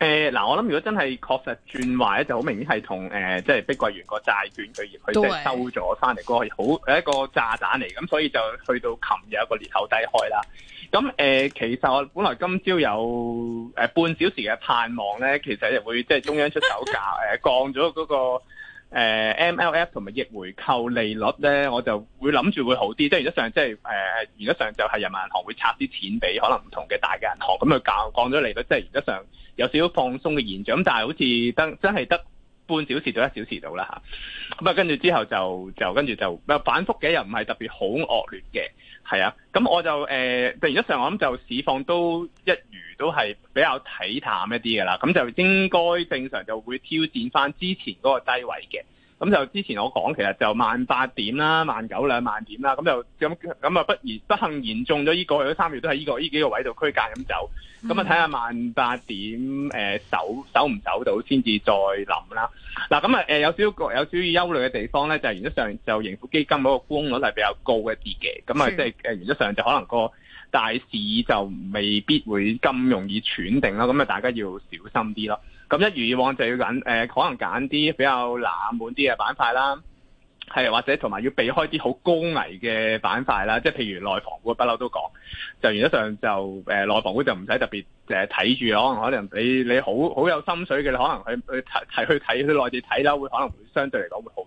誒嗱、呃，我諗如果真係確實轉壞咧，就好明顯係同誒，即係碧桂園個債券佢而佢即係收咗返嚟，嗰個好係一個炸彈嚟，咁所以就去到琴日一個裂口低開啦。咁誒、呃，其實我本來今朝有、呃、半小時嘅盼望咧，其實就會即係中央出手 降誒降咗嗰個。誒、呃、MLF 同埋逆回購利率咧，我就會諗住會好啲，即係原則上即係誒原則上就係，是，呃、人民銀行會拆啲錢俾可能唔同嘅大嘅銀行，咁去降降咗利率，即係原則上有少少放鬆嘅現象，咁但係好似得真係得。半小時到一小時到啦嚇，咁啊跟住之後就就跟住就反覆嘅又唔係特別好惡劣嘅，係啊，咁我就、呃、突然一上我諗就市況都一如都係比較睇淡一啲嘅啦，咁就應該正常就會挑戰返之前嗰個低位嘅。咁就之前我講，其實就萬八點啦、萬九兩萬點啦，咁就咁咁啊，就不如不幸言中咗呢、呢個，咗三月都喺呢、呢個呢幾、呢個位度區間咁走，咁啊睇下萬八點誒守守唔守到先至再諗啦。嗱，咁啊、呃、有少有少少憂慮嘅地方咧，就係、原則上就盈富基金嗰個沽空率係比較高一啲嘅，咁啊即係原則上就可能個大市就未必會咁容易喘定啦，咁啊大家要小心啲咯。咁一如以往就要揀，呃，可能揀啲比較冷門啲嘅板塊啦，係或者同埋要避開啲好高危嘅板塊啦，即係譬如內房股不嬲都講，就原則上就誒、呃、內房股就唔使特別睇住、呃，可能可能你你好好有心水嘅，你可能去去睇去睇去內地睇啦，會可能會相對嚟講會好。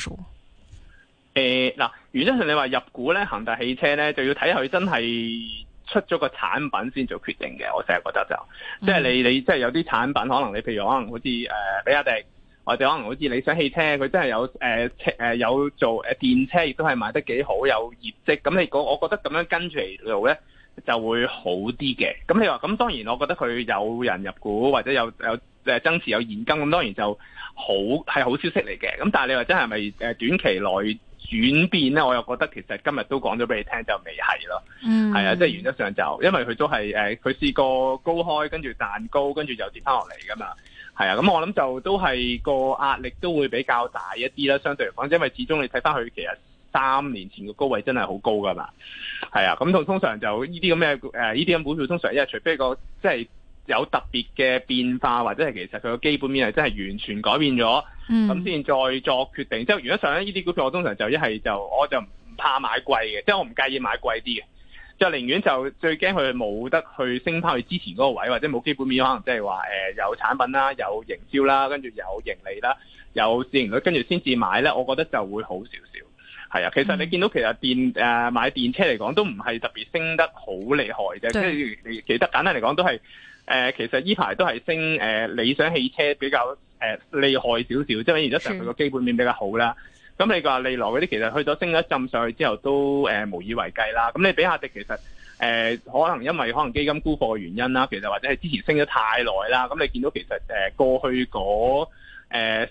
誒，嗱，呃，原則上你話入股咧，恒大汽車咧就要睇佢真係出咗個產品先做決定嘅。我成日覺得就，嗯，即係你你即係有啲產品，可能你譬如可能好似誒比亞、呃，迪，或者可能好似理想汽車，佢真係有誒誒，呃呃，有做誒電車，亦都係賣得幾好，有業績。咁你我我覺得咁樣跟住嚟，做咧就會好啲嘅。咁你話咁，當然我覺得佢有人入股或者有有。誒增持有現金咁當然就好係好消息嚟嘅，咁但係你話真係咪誒短期內轉變咧？我又覺得其實今日都講咗俾你聽就未係咯，嗯，係啊，即係原則上就因為佢都係誒，佢試過高開跟住彈高，跟住又跌翻落嚟噶嘛，係啊，咁、嗯、我諗就都係個壓力都會比較大一啲啦，相對嚟講，因為始終你睇翻佢其實三年前嘅高位真係好高噶嘛，係、嗯、啊，咁同通常就呢啲咁嘅誒呢啲咁股票通常因為除非個即係。就是有特別嘅變化，或者係其實佢個基本面係真係完全改變咗，咁先、嗯、再作決定。即係，如果上一啲股票，我通常就一係就我就唔怕買貴嘅，即係我唔介意買貴啲嘅，就寧願就最驚佢冇得去升翻去之前嗰個位，或者冇基本面可能即係話誒有產品啦、有營銷啦、跟住有盈利啦、有市盈率，跟住先至買咧，我覺得就會好少少。係啊，其實你見到其實電誒、嗯、買電車嚟講都唔係特別升得好厲害嘅。跟住對其實簡單嚟講都係。誒、呃、其實呢排都係升，誒、呃、理想汽車比較誒厲、呃、害少少，即係而家成佢個基本面比較好啦。咁的你話利來嗰啲其實去咗升一浸上去之後都誒、呃、無以為繼啦。咁你比亞迪其實誒、呃、可能因為可能基金沽貨嘅原因啦，其實或者係之前升咗太耐啦。咁你見到其實誒過去嗰誒、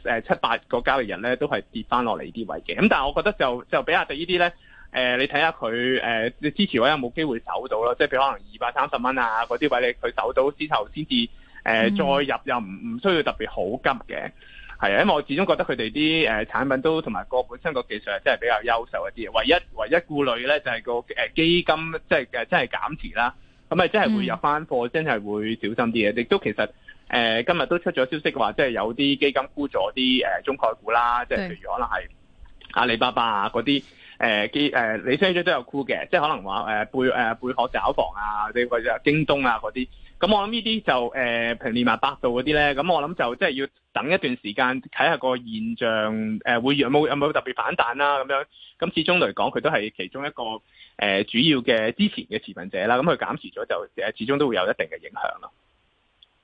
呃、七八個交易日咧都係跌翻落嚟呢啲位嘅。咁但係我覺得就就比亞迪呢啲咧。誒、呃，你睇下佢誒，你、呃、支持位有冇機會走到咯？即係譬如可能二百三十蚊啊，嗰啲位你佢走到之後先至誒再入又，又唔唔需要特別好急嘅。係啊，因為我始終覺得佢哋啲誒產品都同埋個本身個技術係真係比較優秀一啲。唯一唯一顧慮咧就係、是、個誒基金即係、就是就是、真係減持啦。咁啊真係會入翻貨，真係會小心啲嘅。亦、嗯、都其實誒、呃、今日都出咗消息話，即係有啲基金沽咗啲誒中概股啦，即係譬如可能係阿里巴巴啊嗰啲。誒嘅誒，你聽者都有沽嘅，即係可能話誒貝誒貝殼找房啊，或者或者京東啊嗰啲，咁我諗呢啲就誒平年萬百度嗰啲咧，咁我諗就即係要等一段時間睇下個現象誒會有冇有冇特別反彈啦、啊、咁樣，咁始終嚟講佢都係其中一個誒、呃、主要嘅之前嘅持份者啦，咁佢減持咗就誒始終都會有一定嘅影響咯。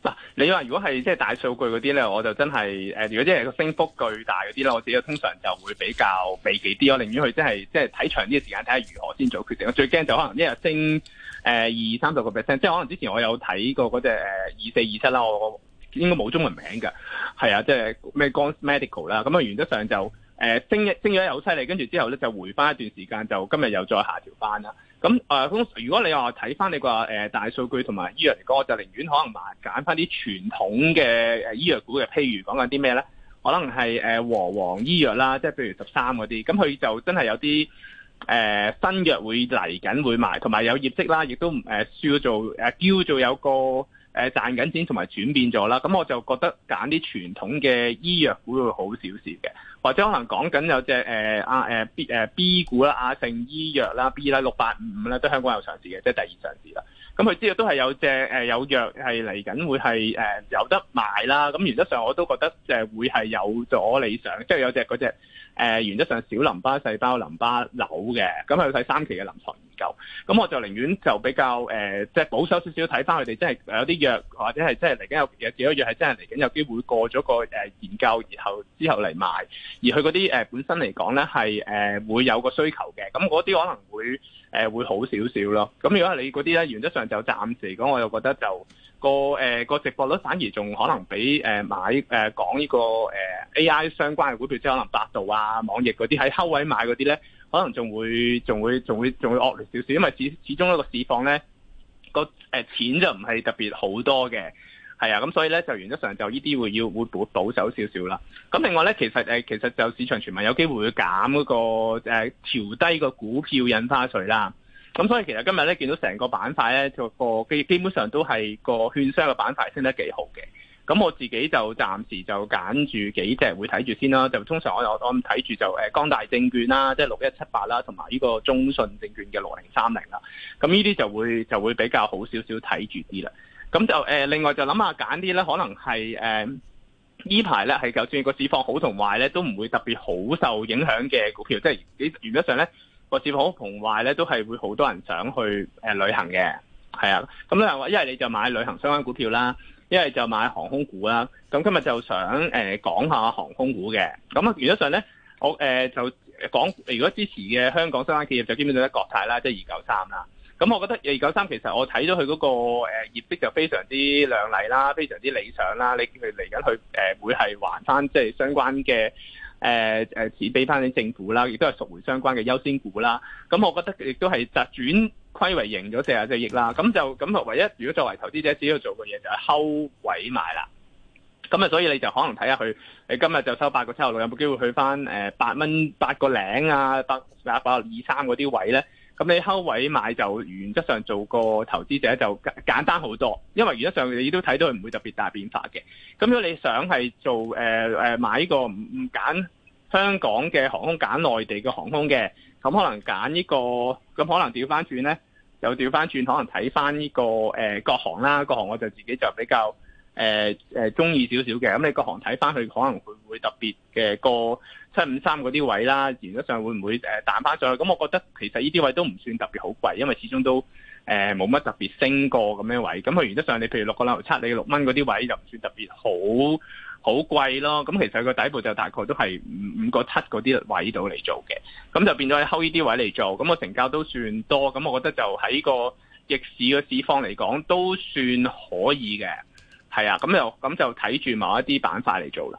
嗱，你話如果係即係大數據嗰啲咧，我就真係誒，如果即係個升幅巨大嗰啲啦，我自己通常就會比較避忌啲，我寧願佢即係即係睇長啲嘅時間，睇下如何先做決定。我最驚就可能一日升誒二三十個 percent，即係可能之前我有睇過嗰隻二四二七啦，我應該冇中文名㗎，係啊，即係咩 Gans Medical 啦，咁啊原則上就。誒升嘅升咗又好犀利，跟住之後咧就回翻一段時間，就今日又再下調翻啦。咁誒、呃，如果你話睇翻你個、呃、大數據同埋醫藥嚟講，我就寧願可能埋揀翻啲傳統嘅誒醫藥股嘅，譬如講緊啲咩咧？可能係誒、呃、和黃醫藥啦，即係譬如十三嗰啲，咁佢就真係有啲誒、呃、新藥會嚟緊會買，同埋有業績啦，亦都唔需要、呃、做誒叫、呃、做有個。誒賺緊錢同埋轉變咗啦，咁我就覺得揀啲傳統嘅醫藥股會好少少嘅，或者可能講緊有隻誒、啊啊、B 誒 B 股啦，亞、啊、盛醫藥啦 B 啦，六八五五啦，都香港有上市嘅，即係第二上市啦。咁佢知道都係有隻誒有藥係嚟緊會係誒有得賣啦。咁原則上我都覺得誒會係有咗理想，即係有隻嗰隻。誒、呃、原則上小淋巴細胞淋巴瘤嘅，咁佢睇三期嘅臨床研究。咁我就寧願就比較誒，即、呃、係、就是、保守少少睇翻佢哋，真、就、係、是、有啲藥或者係真係嚟緊有有幾多藥係真係嚟緊有機會過咗個、呃、研究，然後之後嚟賣。而佢嗰啲本身嚟講咧係誒會有個需求嘅。咁嗰啲可能會誒、呃、會好少少咯。咁如果你嗰啲咧，原則上就暫時嚟講，我就覺得就個誒個、呃、值博率反而仲可能比、呃、買、呃、講呢、這個、呃 A.I. 相關嘅股票，即係可能百度啊、網易嗰啲，喺高位買嗰啲咧，可能仲會仲會仲會仲會惡劣少少，因為始始終一個市況咧個誒、呃、錢就唔係特別好多嘅，係啊，咁所以咧就原則上就呢啲會要會保保守少少啦。咁另外咧，其實誒、呃、其實就市場傳聞有機會會減嗰、那個誒、呃、調低個股票印花稅啦。咁所以其實今日咧見到成個板塊咧個基基本上都係個券商嘅板塊升得幾好嘅。咁我自己就暫時就揀住幾隻會睇住先啦。就通常我我我睇住就誒光大證券啦，即係六一七八啦，同埋呢個中信證券嘅六零三零啦。咁呢啲就會就會比較好少少睇住啲啦。咁就、呃、另外就諗下揀啲咧，可能係誒、呃、呢排咧係就算個市況好同壞咧，都唔會特別好受影響嘅股票。即、就、係、是、原則上咧，個市況好同壞咧，都係會好多人想去旅行嘅。係啊，咁咧一係你就買旅行相關股票啦。因為就買航空股啦，咁今日就想誒、欸、講下航空股嘅。咁啊，原則上咧，我誒、欸、就講，如果支持嘅香港相關企業就基本上一國泰啦，即係二九三啦。咁我覺得二九三其實我睇咗佢嗰個誒業績就非常之亮麗啦，非常之理想啦。你見佢嚟緊去誒會係還翻，即係相關嘅誒誒錢俾翻你政府啦，亦都係贖回相關嘅優先股啦。咁我覺得亦都係擇轉。虧為盈咗四啊十億啦，咁就咁唯一，如果作為投資者只要做嘅嘢就係、是、溝位買啦。咁啊，所以你就可能睇下佢，你今日就收八個七毫六，有冇機會去翻誒八蚊八個零啊，八八八二三嗰啲位咧？咁你溝位買就原則上做個投資者就簡單好多，因為原則上你都睇到佢唔會特別大變化嘅。咁如果你想係做誒誒買一個唔唔香港嘅航空揀內地嘅航空嘅，咁可能揀呢、這個，咁可能調翻轉呢，又調翻轉，可能睇翻呢個誒、呃、國航啦，國航我就自己就比較誒誒中意少少嘅，咁、呃、你國航睇翻去，可能會唔會特別嘅個七五三嗰啲位啦，原則上會唔會誒彈翻上去？咁我覺得其實呢啲位都唔算特別好貴，因為始終都誒冇乜特別升過咁樣位，咁佢原則上你譬如六個零七，你六蚊嗰啲位就唔算特別好。好貴咯，咁其實個底部就大概都係五五個七嗰啲位度嚟做嘅，咁就變咗喺後呢啲位嚟做，咁個成交都算多，咁我覺得就喺個逆市個市況嚟講都算可以嘅，係啊，咁又咁就睇住某一啲板塊嚟做啦。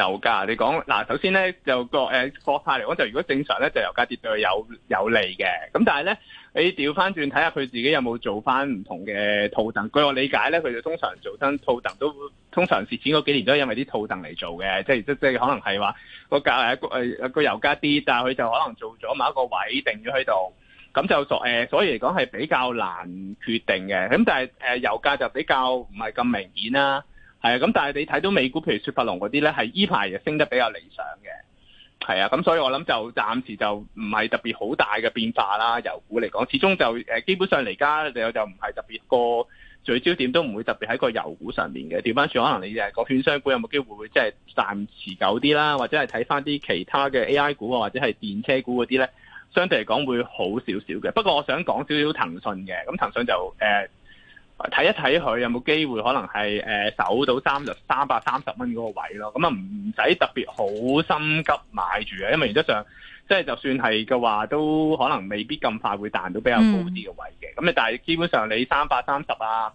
油價，你講嗱、啊，首先咧就、呃、國誒國泰嚟講，就如果正常咧，就油價跌對佢有有利嘅。咁但係咧，你調翻轉睇下佢自己有冇做翻唔同嘅套戥。據我理解咧，佢就通常做翻套戥都通常蝕錢嗰幾年都係因為啲套戥嚟做嘅，即係即係可能係話個價誒個誒個油價跌，但係佢就可能做咗某一個位定咗喺度，咁就所誒所以嚟講係比較難決定嘅。咁但係誒油價就比較唔係咁明顯啦。係啊，咁但係你睇到美股，譬如雪佛龍嗰啲咧，係依排就升得比較理想嘅。係啊，咁所以我諗就暫時就唔係特別好大嘅變化啦。油股嚟講，始終就誒基本上嚟家就就唔係特別個聚焦點，都唔會特別喺個油股上面嘅。調翻轉可能你誒個券商股有冇機會會即係暫持久啲啦，或者係睇翻啲其他嘅 A.I. 股啊，或者係電車股嗰啲咧，相對嚟講會好少少嘅。不過我想講少少騰訊嘅，咁騰訊就、呃睇一睇佢有冇機會，可能係誒、呃、守到三十三百三十蚊嗰個位咯。咁啊，唔使特別好心急買住啊，因為原則上，即係就算係嘅話，都可能未必咁快會彈到比較高啲嘅位嘅。咁、嗯、但係基本上你三百三十啊，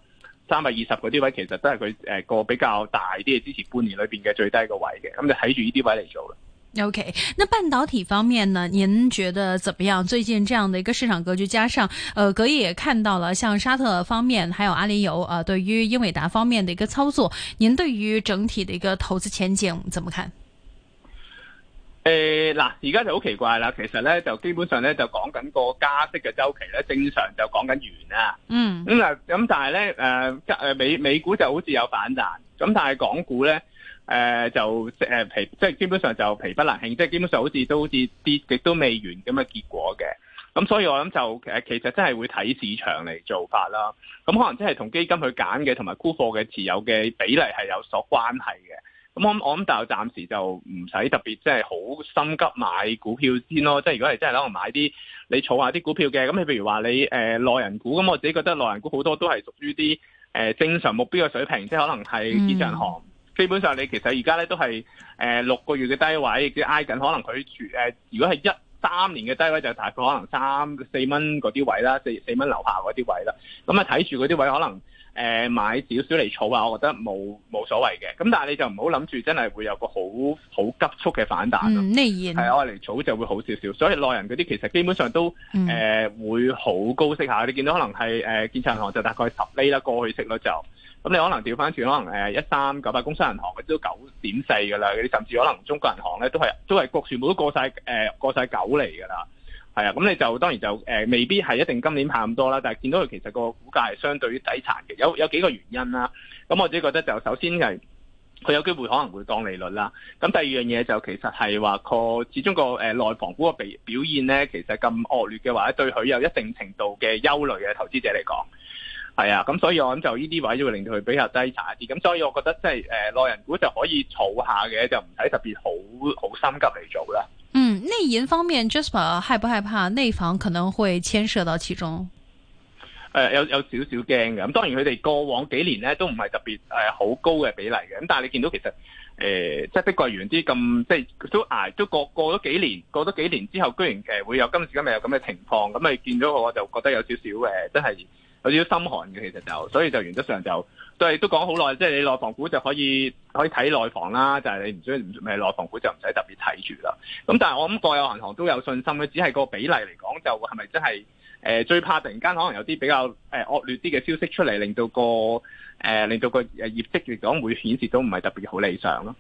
三百二十嗰啲位，其實都係佢誒個比較大啲嘅支持，半年裏面嘅最低一個位嘅。咁就睇住呢啲位嚟做啦。O、okay, K，那半導體方面呢？您覺得怎麼樣？最近這樣的一個市場格局，加上，呃，隔夜也看到了，像沙特方面，還有阿里油啊、呃，對於英偉達方面的一個操作，您對於整體的一個投資前景怎麼看？誒、呃，嗱，而家就好奇怪啦，其實呢，就基本上呢，就講緊個加息嘅周期呢，正常就講緊完啦、啊。嗯。咁嗱、嗯，咁但係呢，誒、呃，誒美美股就好似有反彈，咁但係港股呢。誒、呃、就誒即基本上就疲不能興，即基本上好似都好似啲跌都未完咁嘅結果嘅。咁所以我諗就其實真係會睇市場嚟做法啦。咁可能真係同基金去揀嘅，同埋沽貨嘅持有嘅比例係有所關係嘅。咁我我咁但係暫時就唔使特別即係好心急買股票先咯。即如果你真係可能買啲你儲下啲股票嘅咁，你譬如話你誒、呃、內銀股咁，我自己覺得內銀股好多都係屬於啲誒、呃、正常目標嘅水平，即可能係建設銀行。嗯基本上你其實而家咧都係誒六個月嘅低位，即係挨緊可能佢住如果係一三年嘅低位就大概可能三四蚊嗰啲位啦，四四蚊樓下嗰啲位啦。咁啊睇住嗰啲位可能誒、呃、買少少嚟儲啊，我覺得冇冇所謂嘅。咁但係你就唔好諗住真係會有個好好急速嘅反彈咯。係我嚟儲就會好少少。所以內人嗰啲其實基本上都誒、呃、會好高息下，你見到可能係、呃、建設銀行就大概十厘啦，過去息率就。咁你可能調翻轉，可能誒一三九八工商銀行佢都九點四㗎啦，甚至可能中國銀行咧都係都係全部都過晒過晒九厘㗎啦。係啊，咁你就當然就、呃、未必係一定今年派咁多啦，但係見到佢其實個股價係相對於抵殘嘅，有有幾個原因啦。咁我自己覺得就首先係佢有機會可能會降利率啦。咁第二樣嘢就其實係話個始終個內房股嘅表現咧，其實咁惡劣嘅話，對佢有一定程度嘅憂慮嘅投資者嚟講。係啊，咁所以我諗就呢啲位都會令到佢比較低殘啲，咁所以我覺得即係誒內銀股就可以儲下嘅，就唔使特別好好心急嚟做啦。嗯，內銀方面，Jasper 害不害怕內房可能會牽涉到其中？誒、呃，有有少少驚嘅，咁當然佢哋過往幾年咧都唔係特別誒好高嘅比例嘅，咁但係你見到其實誒、呃、即係碧桂園啲咁即係都挨都過過咗幾年，過咗幾年之後，居然其實會有今時今日有咁嘅情況，咁、嗯、你見咗我，就覺得有少少誒，真係。有啲心寒嘅，其實就，所以就原則上就對係都講好耐，即係你內房股就可以可以睇內房啦，就係你唔需要唔係內房股就唔使特別睇住啦。咁但係我諗國有銀行都有信心佢只係個比例嚟講，就係咪真係誒最怕突然間可能有啲比較誒惡劣啲嘅消息出嚟，令到個誒令到個業績嚟講會顯示都唔係特別好理想咯。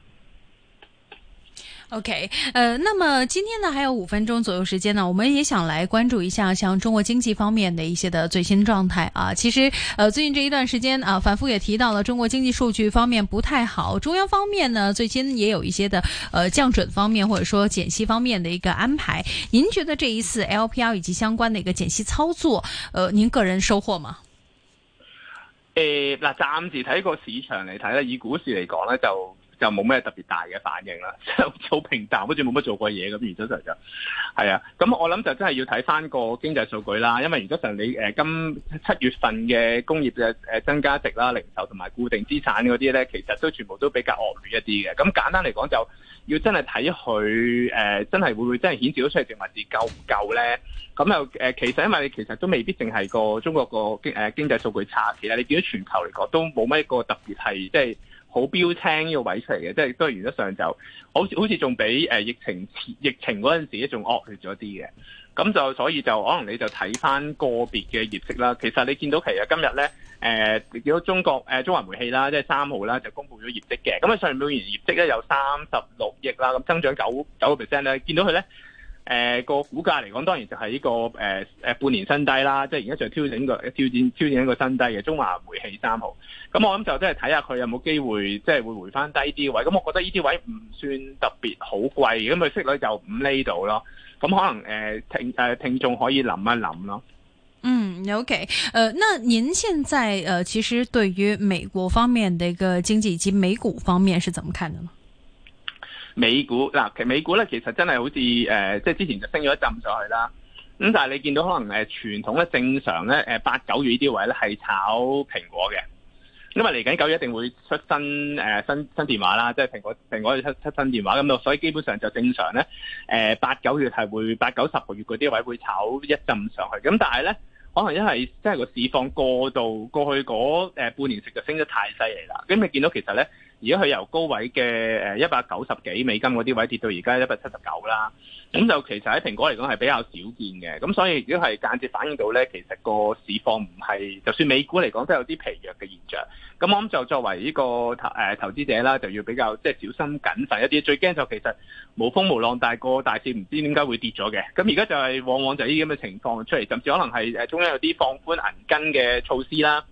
OK，呃，那麼今天呢還有五分鐘左右時間呢，我們也想來關注一下像中國經濟方面的一些的最新狀態啊。其實，呃，最近這一段時間啊，呃，反復也提到了中國經濟數據方面不太好。中央方面呢，最近也有一些的呃降準方面或者說減息方面的一個安排。您覺得這一次 LPR 以及相關的一個減息操作，呃，您個人收穫嗎？呃嗱，暫時睇個市場嚟睇咧，以股市嚟講呢，就。就冇咩特別大嘅反應啦，就好平淡，好似冇乜做過嘢咁。原則上就係啊，咁我諗就真係要睇翻個經濟數據啦。因為原則上你、呃、今七月份嘅工業嘅增加值啦、零售同埋固定資產嗰啲咧，其實都全部都比較惡劣一啲嘅。咁簡單嚟講，就要真係睇佢真係會唔會真係顯示到出嚟條文字夠唔夠咧？咁又、呃、其實因為你其實都未必淨係個中國個經誒經濟數據差，其實你見到全球嚟講都冇乜一個特別係即係。就是就是、好標青呢個位出嚟嘅，即係都係原則上就好似好似仲比誒疫情疫情嗰陣時仲惡劣咗啲嘅，咁就所以就可能你就睇翻個別嘅業績啦。其實你見到其實今日咧、呃、你見到中國誒、呃、中華煤氣啦，即係三號啦就公布咗業績嘅，咁啊上半年業績咧有三十六億啦，咁增長九九個 percent 咧，見到佢咧。誒、呃，個股價嚟講，當然就係呢個誒誒、呃、半年新低啦，即係而家就挑整個挑戰挑戰，挑戰一個新低嘅中華煤氣三號。咁、嗯、我諗就即係睇下佢有冇機會，即係會回翻低啲位。咁、嗯、我覺得呢啲位唔算特別好貴，咁、嗯、佢息率就五厘度咯。咁可能誒聽誒聽眾可以諗一諗咯。嗯、呃呃、想想咯嗯，OK，誒、呃，那您現在誒、呃，其實對於美國方面的一個經濟以及美股方面，是怎麼看的呢？美股嗱，其美股咧其實真係好似誒，即、呃、係之前就升咗一陣上去啦。咁但係你見到可能誒傳統咧正常咧誒八九月呢啲位咧係炒蘋果嘅，因為嚟緊九月一定會出新誒新新電話啦，即係蘋果蘋果要出出新電話，咁，所以基本上就正常咧誒八九月係會八九十個月嗰啲位會炒一陣上去。咁但係咧可能因為即係個市況過度，過去嗰半年食就升得太犀利啦，咁你見到其實咧。如果佢由高位嘅誒一百九十幾美金嗰啲位跌到而家一百七十九啦，咁就其實喺蘋果嚟講，係比較少見嘅，咁所以如果係間接反映到咧，其實個市況唔係，就算美股嚟講都有啲疲弱嘅現象。咁我諗就作為呢個誒投資者啦，就要比較即係小心謹慎一啲，最驚就其實無風無浪大個大市唔知點解會跌咗嘅。咁而家就係往往就係呢啲咁嘅情況出嚟，甚至可能係誒中央有啲放寬銀根嘅措施啦。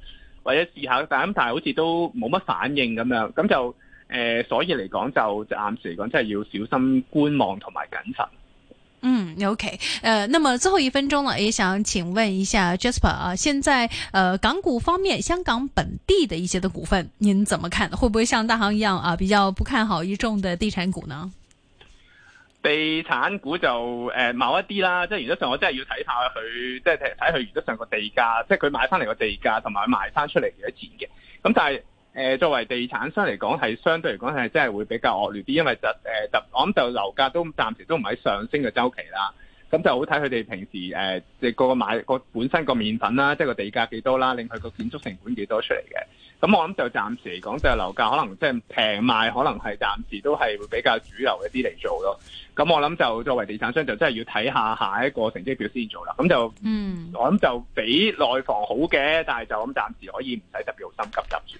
或者試下，但咁但係好似都冇乜反應咁樣，咁就誒、呃，所以嚟講就暫時嚟講，真係要小心觀望同埋謹慎。嗯，OK，誒、呃，那麼最後一分鐘呢，也想請問一下 Jasper 啊，現在誒、呃，港股方面，香港本地的一些的股份，您怎麼看？會不會像大行一樣啊，比較不看好一眾的地產股呢？地產股就誒、呃、某一啲啦，即係原則上我真係要睇下佢，即係睇睇佢原則上個地價，即係佢買翻嚟個地價同埋賣翻出嚟嘅錢嘅。咁但係、呃、作為地產商嚟講，係相對嚟講係真係會比較惡劣啲，因為就誒就、呃、我諗就樓價都暫時都唔喺上升嘅周期啦。咁就好睇佢哋平時誒，即係個買個本身個麵粉啦，即係個地價幾多啦，令佢個建築成本幾多出嚟嘅。咁我諗就暫時嚟講，就樓價可能即係平賣，可能係暫時都係會比較主流一啲嚟做咯。咁我諗就作為地產商，就真係要睇下下一個成績表先做啦。咁就，嗯、我諗就比內房好嘅，但係就咁暫時可以唔使特別好心急急住。